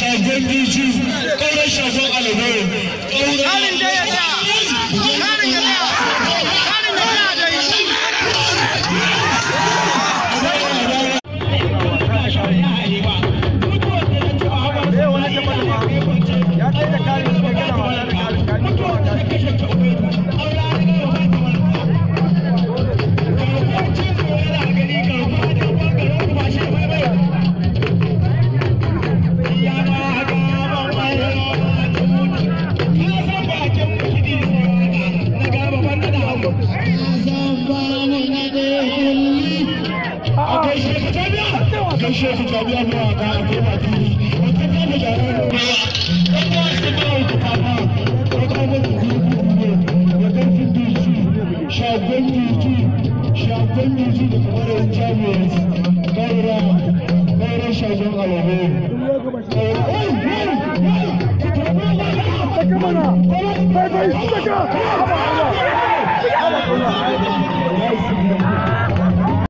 shagon dusu ƙaunar shagon alabo kai shehu jabi abuwa ga ake baki wata kama jabi abuwa kan ba su ba wata kama wata mata zuwa ne wata fito su shagon yutu shagon yutu da kamar jami'ai kaira kaira shagon alabe Thank you.